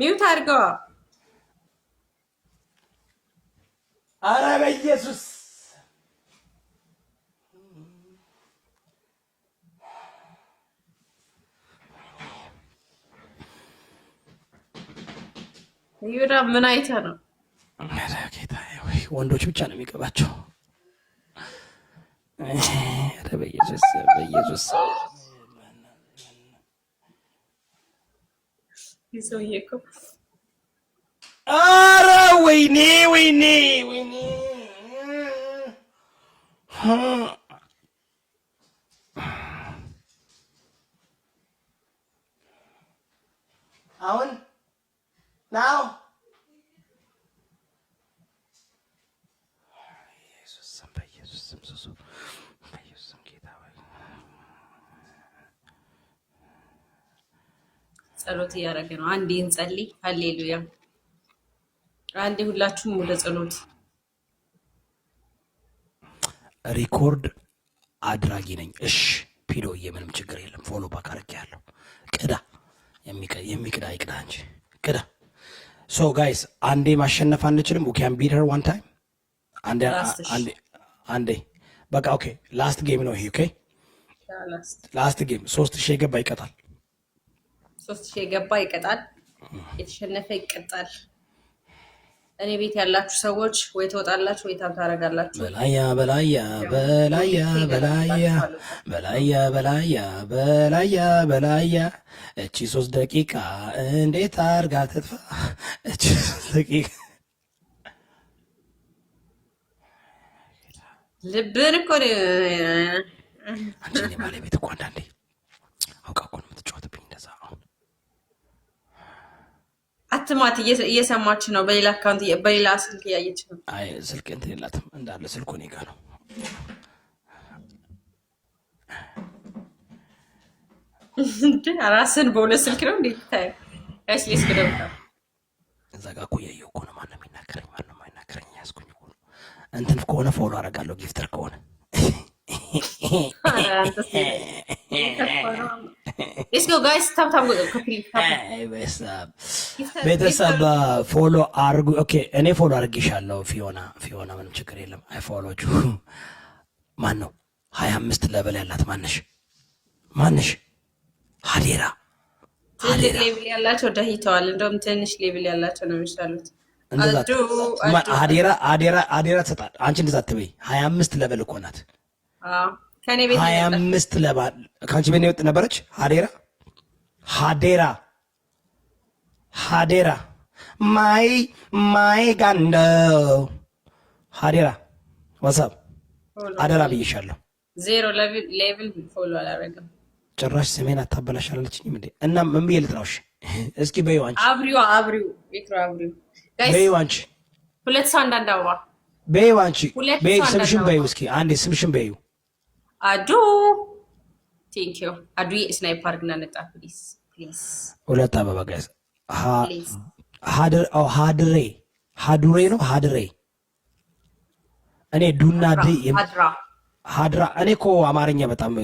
ሚውት አድርገዋ። አረ በኢየሱስ ይሁዳ ምን አይተ ነው? ወንዶች ብቻ ነው የሚገባቸው። በኢየሱስ በኢየሱስ hizo Yeko. ¡Ara, Winnie, Winnie, Winnie! ¿Aún? ¿Now? ጸሎት እያደረገ ነው። አንዴ እንጸልይ። ሀሌሉያ። አንዴ ሁላችሁም ወደ ጸሎት። ሪኮርድ አድራጊ ነኝ። እሽ ፒዶ የምንም ችግር የለም። ፎሎ ባክ ያለው ቅዳ፣ የሚቅዳ ይቅዳ እንጂ ቅዳ። ሶ ጋይስ፣ አንዴ ማሸነፍ አንችልም። ዊካን ቢደር ዋን ታይም። አንዴ በቃ ኦኬ። ላስት ጌም ነው ይሄ። ኦኬ ላስት ጌም። ሶስት ሺህ የገባ ይቀጣል። ሶስት ሺህ የገባ ይቀጣል፣ የተሸነፈ ይቀጣል። እኔ ቤት ያላችሁ ሰዎች ወይ ትወጣላችሁ ወይ ታታረጋላችሁ። በላያ በላያ በላያ በላያ በላያ በላያ በላያ በላያ እቺ ሶስት ደቂቃ እንዴት አርጋ ትጥፋ? እቺ ሶስት ደቂቃ ልብን እኮ አንቺ ባለቤት እኮ አንዳንዴ ስማት እየሰማች ነው። በሌላ አካውንት በሌላ ስልክ እያየች ነው። አይ ስልክ እንትን የላትም እንዳለ ስልኩ እኔ ጋ ነው። ራስን በሁለት ስልክ ነው እንዴት እዛ ጋ እኮ እያየሁ እኮ ነው። ማነው የሚናገረኝ? ማነው የማይናገረኝ? ያዝኩኝ እኮ ነው። እንትን ከሆነ ፎሎ አደርጋለሁ። ጊፍተር ከሆነ ስ ጋይስ ታብታብ ቤተሰብ ፎሎ አርጉ። ኦኬ እኔ ፎሎ አርግሻለሁ። ፊዮና ፊዮና ምንም ችግር የለም። አይ ፎሎቹ ማን ነው? ሀያ አምስት ለበል ያላት ማነሽ? ማነሽ? ሀዴራ ሌብል ያላቸው ደህይተዋል። እንደውም ትንሽ ሌብል ያላቸው ነው የሚሻሉት። አዴራ ትሰጣል። አንቺ እንደዛ አትበይ። ሀያ አምስት ለበል እኮ ናት። ሀያ አምስት ለበል ከአንቺ ቤት ነው የወጥ ነበረች። ሀዴራ ሀዴራ ሀዴራ ማይ ማይ ጋንደው ሀዴራ ዋሳብ አደራ ብይሻለሁ። ዜሮ ሌቭል ፎሎ አላረግም። ጭራሽ ስሜን አታበላሽ እንዴ? እና ምን ብዬ ልጥራውሽ? እስኪ በይው አንቺ አብሪው አብሪው ቪክሮ አብሪው በይው አንቺ ሁለት ሰው አንዳንድ አበባ በይው አንቺ በይ ስምሽን በይው እስኪ አንዴ ስምሽን በይው አዱ ቴንኪዩ አዱዬ ስናይፓር ግና ነጣ ፕሊዝ ፕሊዝ ሁለት አበባ ጋይስ ሀድሬ ሀዱሬ ነው ሀድሬ። እኔ ዱና ሀድራ እኔ እኮ አማርኛ በጣም